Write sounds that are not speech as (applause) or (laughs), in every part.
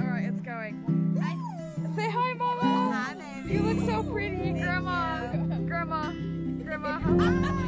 All right, it's going. Hi. Say hi, Mama. Hi, baby. You look so pretty, Grandma. Grandma. Grandma. Grandma. (laughs)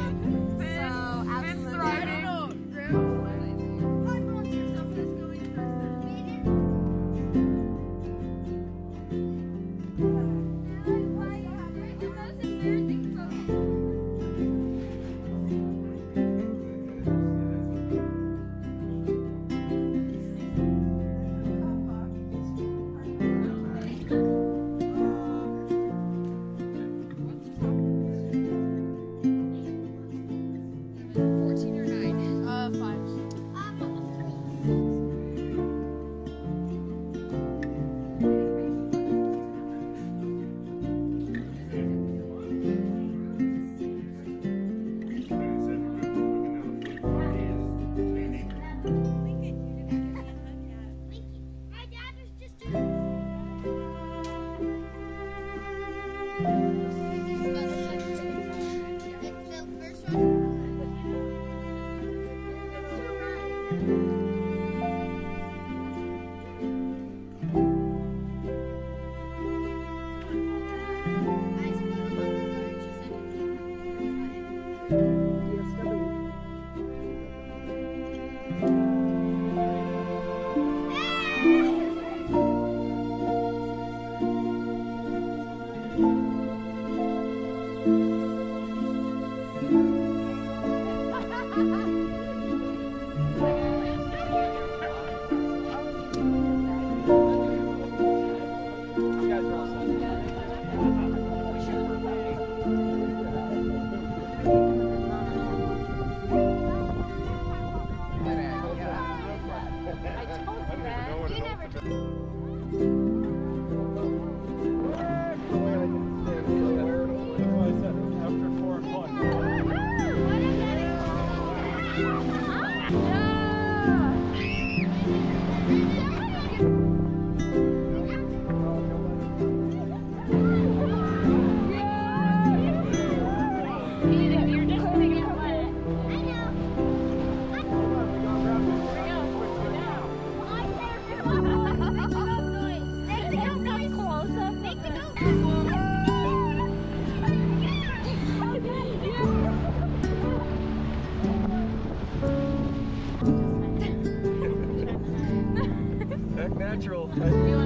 Thank you. natural.